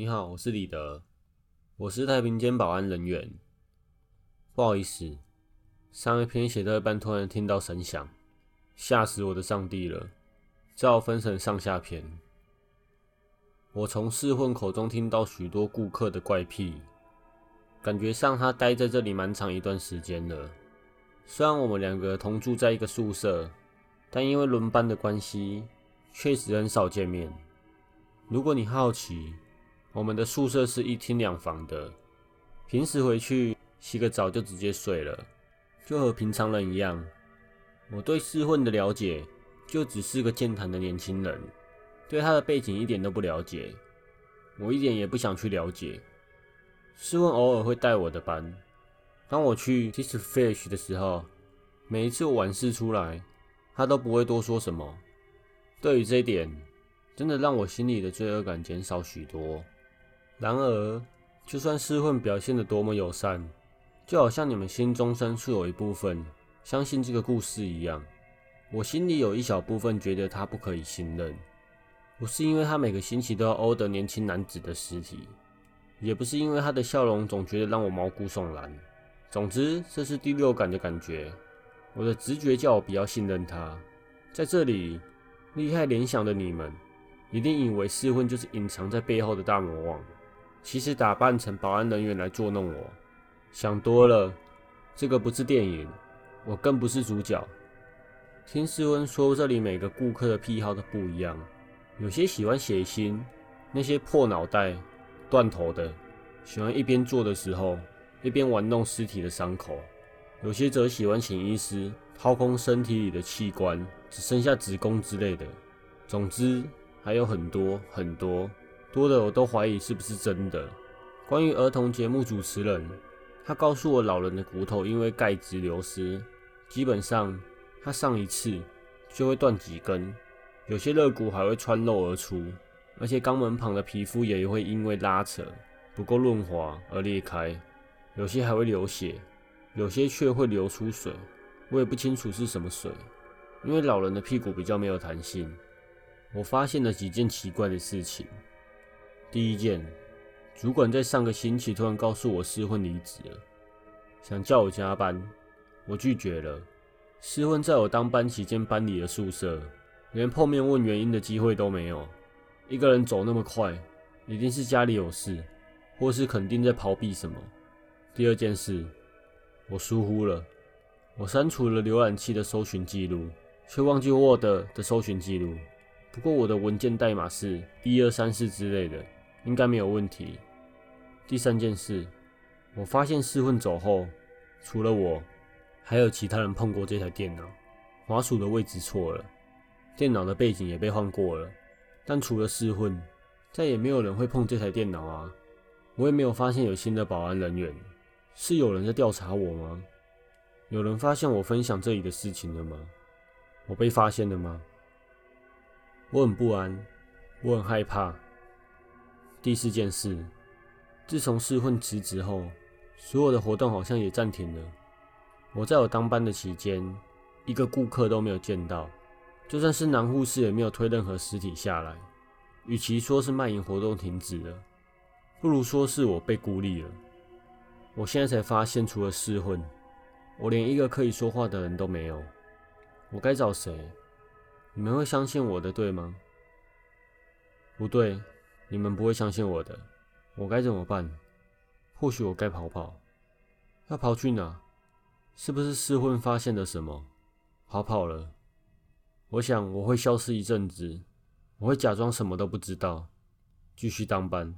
你好，我是李德，我是太平間保安人員。不好意思，上一篇寫到一半，突然聽到聲響，嚇死我的上帝了！這要分成上下篇。我從四混口中聽到許多顧客的怪癖，感覺上他待在這裡蠻長一段時間了。雖然我們兩個同住在一個宿舍，但因為輪班的關係，確實很少見面。如果你好奇，我們的宿舍是一廳兩房的，平時回去洗個澡就直接睡了，就和平常人一樣。我對試混的了解，就只是個健談的年輕人，對他的背景一點都不了解。我一點也不想去了解。試混偶爾會帶我的班，當我去 t i s fish 的時候，每一次我完事出來，他都不會多說什麼。對於這一點，真的讓我心裡的罪惡感減少許多。然而，就算失魂表現得多麼友善，就好像你們心中深處有一部分相信這個故事一樣，我心裡有一小部分覺得他不可以信任。不是因為他每個星期都要毆打年輕男子的屍體，也不是因為他的笑容總覺得讓我毛骨悚然。總之，這是第六感的感覺，我的直覺叫我比較信任他。在這裡，厲害聯想的你們一定以為侍魂就是隱藏在背後的大魔王。其實打扮成保安人員來捉弄我，想多了。這個不是電影，我更不是主角。聽斯文說，這裡每個顧客的癖好都不一樣，有些喜歡血腥，那些破腦袋、斷頭的，喜歡一邊做的時候一邊玩弄屍體的傷口；有些則喜歡請醫師掏空身體裡的器官，只剩下子宮之類的。總之，還有很多很多。多的我都懷疑是不是真的。關於兒童節目主持人，他告訴我，老人的骨頭因為鈣質流失，基本上他上一次就會斷幾根，有些肋骨還會穿漏而出，而且肛門旁的皮膚也會因為拉扯不夠潤滑而裂開，有些還會流血，有些卻會流出水，我也不清楚是什麼水，因為老人的屁股比較沒有彈性。我發現了幾件奇怪的事情。第一件，主管在上個星期突然告訴我失婚離職了，想叫我加班，我拒絕了。失婚在我當班期間搬離了宿舍，連碰面問原因的機會都沒有。一個人走那麼快，一定是家裡有事，或是肯定在逃避什麼。第二件事，我疏忽了，我刪除了瀏覽器的搜尋記錄，卻忘記 Word 的搜尋記錄。不過我的文件代碼是一二三四之類的。應該沒有問題。第三件事，我發現四混走後，除了我，還有其他人碰過這台電腦。滑鼠的位置錯了，電腦的背景也被換過了。但除了四混，再也沒有人會碰這台電腦啊！我也沒有發現有新的保安人員。是有人在調查我嗎？有人發現我分享這裡的事情了嗎？我被發現了嗎？我很不安，我很害怕。第四件事，自從師兄辭職後，所有的活動好像也暫停了。我在我當班的期間，一個顧客都沒有見到，就算是男護士也沒有推任何屍體下來。與其說是賣淫活動停止了，不如說是我被孤立了。我現在才發現，除了師兄，我連一個可以說話的人都沒有。我該找誰？你們會相信我的，對嗎？不對。你們不會相信我的，我該怎麼辦？或許我該跑跑，要跑去哪？是不是失婚發現了什麼？跑跑了，我想我會消失一陣子，我會假裝什麼都不知道，繼續當班。